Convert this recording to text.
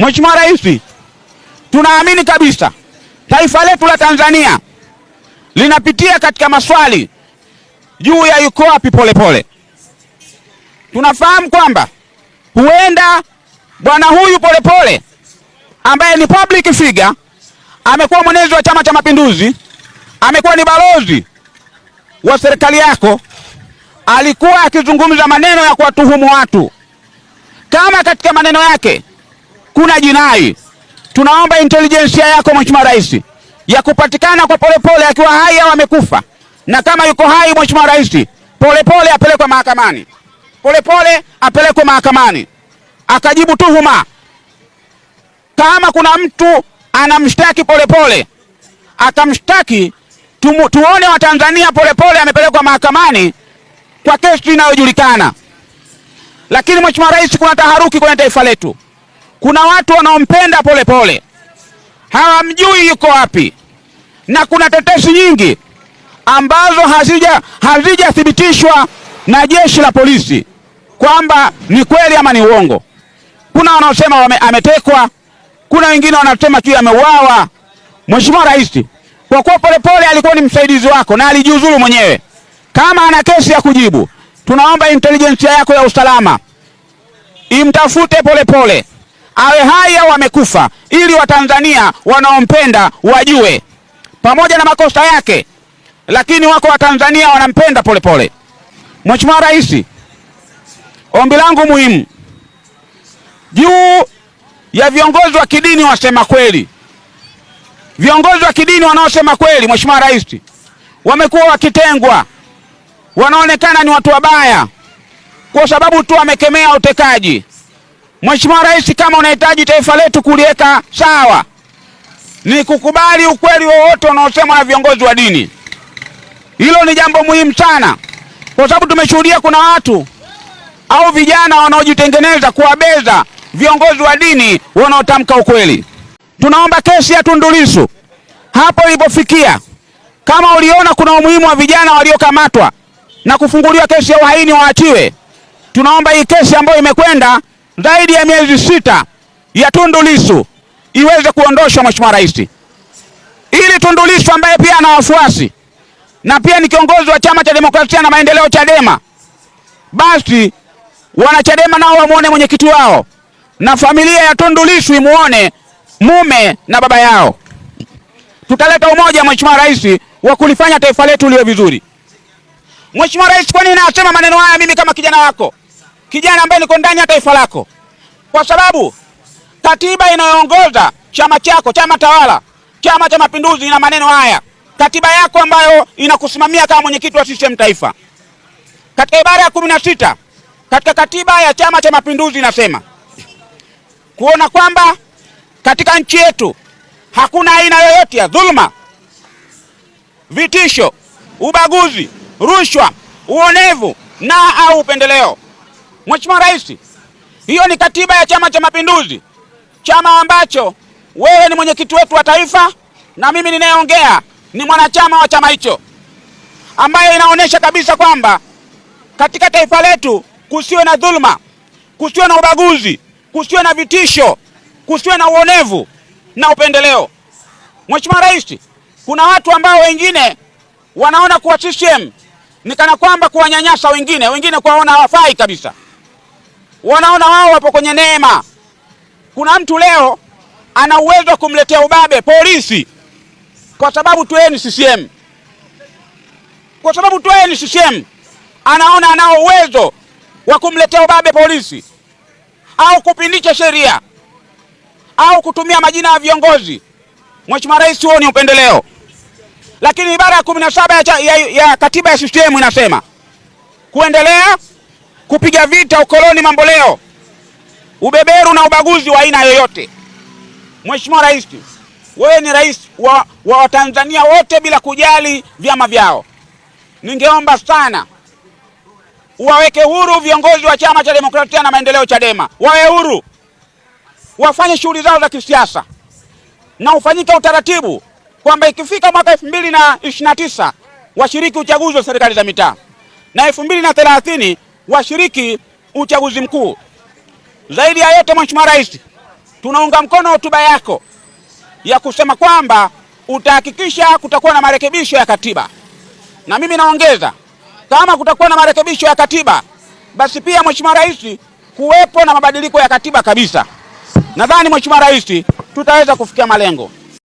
Mheshimiwa Rais, tunaamini kabisa taifa letu la Tanzania linapitia katika maswali juu ya yuko wapi Polepole. Tunafahamu kwamba huenda bwana huyu Polepole ambaye ni public figure, amekuwa mwenezi wa Chama cha Mapinduzi, amekuwa ni balozi wa serikali yako, alikuwa akizungumza maneno ya kuwatuhumu watu, kama katika maneno yake hakuna jinai. Tunaomba intelijensia yako Mheshimiwa Rais ya kupatikana kwa Polepole akiwa hai au amekufa, na kama yuko hai Mheshimiwa Rais, Polepole apelekwe mahakamani, Polepole apelekwe mahakamani akajibu tuhuma. Kama kuna mtu anamshtaki Polepole akamshtaki tuone Watanzania Polepole amepelekwa mahakamani kwa kesi inayojulikana. Lakini Mheshimiwa Rais, kuna taharuki kwenye taifa letu. Kuna watu wanaompenda Polepole hawamjui yuko wapi, na kuna tetesi nyingi ambazo hazijathibitishwa na jeshi la polisi kwamba ni kweli ama ni uongo. Kuna wanaosema wame, ametekwa, kuna wengine wanasema tu ameuawa. Mheshimiwa Rais, kwa kuwa Polepole alikuwa ni msaidizi wako na alijiuzuru mwenyewe, kama ana kesi ya kujibu, tunaomba intelijensia yako ya usalama imtafute Polepole awe hai au amekufa, ili Watanzania wanaompenda wajue, pamoja na makosa yake, lakini wako Watanzania wanampenda Polepole. Mheshimiwa Rais, ombi langu muhimu juu ya viongozi wa kidini wasema kweli. Viongozi wa kidini wanaosema kweli, Mheshimiwa Rais, wamekuwa wakitengwa, wanaonekana ni watu wabaya kwa sababu tu wamekemea utekaji. Mheshimiwa Rais, kama unahitaji taifa letu kuliweka sawa, ni kukubali ukweli wowote unaosemwa na viongozi wa dini. Hilo ni jambo muhimu sana, kwa sababu tumeshuhudia kuna watu au vijana wanaojitengeneza kuwabeza viongozi wa dini wanaotamka ukweli. Tunaomba kesi ya Tundu Lissu hapo ilipofikia, kama uliona kuna umuhimu wa vijana waliokamatwa na kufunguliwa kesi ya uhaini waachiwe. Tunaomba hii kesi ambayo imekwenda zaidi ya miezi sita ya Tundu Lissu iweze kuondoshwa, Mheshimiwa Rais, ili Tundu Lissu ambaye pia ana wafuasi na pia ni kiongozi wa Chama cha Demokrasia na Maendeleo, Chadema, basi wanachadema nao wamwone mwenyekiti wao na familia ya Tundu Lissu imuone mume na baba yao. Tutaleta umoja, Mheshimiwa Rais, wa kulifanya taifa letu liwe vizuri. Mheshimiwa Rais, kwa nini nasema maneno haya mimi kama kijana wako? kijana ambaye niko ndani ya taifa lako, kwa sababu katiba inayoongoza chama chako, chama tawala, Chama cha Mapinduzi, ina maneno haya, katiba yako ambayo inakusimamia kama mwenyekiti wa CCM Taifa. Katika ibara ya kumi na sita katika katiba ya Chama cha Mapinduzi inasema kuona kwamba katika nchi yetu hakuna aina yoyote ya dhuluma, vitisho, ubaguzi, rushwa, uonevu na au upendeleo. Mheshimiwa Rais, hiyo ni katiba ya Chama cha Mapinduzi, chama ambacho wewe ni mwenyekiti wetu wa taifa na mimi ninayeongea ni mwanachama wa chama hicho, ambayo inaonyesha kabisa kwamba katika taifa letu kusiwe na dhuluma, kusiwe na ubaguzi, kusiwe na vitisho, kusiwe na uonevu na upendeleo. Mheshimiwa Rais, kuna watu ambao wengine wanaona kuwa CCM ni kana kwamba kuwanyanyasa wengine, wengine kuwaona hawafai kabisa wanaona wao wapo kwenye neema. Kuna mtu leo ana uwezo wa kumletea ubabe polisi kwa sababu tu yeye ni CCM, kwa sababu tu yeye ni CCM, anaona anao uwezo wa kumletea ubabe polisi au kupindisha sheria au kutumia majina ya viongozi. Mheshimiwa Rais, huo ni upendeleo, lakini ibara ya kumi na saba ya, ya, ya katiba ya CCM inasema kuendelea kupiga vita ukoloni mambo leo, ubeberu na ubaguzi wa aina yoyote. Mheshimiwa Rais, wewe ni rais wa Watanzania wote bila kujali vyama vyao. Ningeomba sana uwaweke huru viongozi wa chama cha demokrasia na maendeleo CHADEMA, wawe huru wafanye shughuli zao za kisiasa, na ufanyike utaratibu kwamba ikifika mwaka elfu mbili na ishirini na tisa washiriki uchaguzi wa serikali za mitaa na elfu mbili na thelathini washiriki uchaguzi mkuu. Zaidi ya yote, Mheshimiwa Rais, tunaunga mkono hotuba yako ya kusema kwamba utahakikisha kutakuwa na marekebisho ya katiba, na mimi naongeza kama kutakuwa na marekebisho ya katiba, basi pia Mheshimiwa Rais, kuwepo na mabadiliko ya katiba kabisa. Nadhani Mheshimiwa Rais, tutaweza kufikia malengo.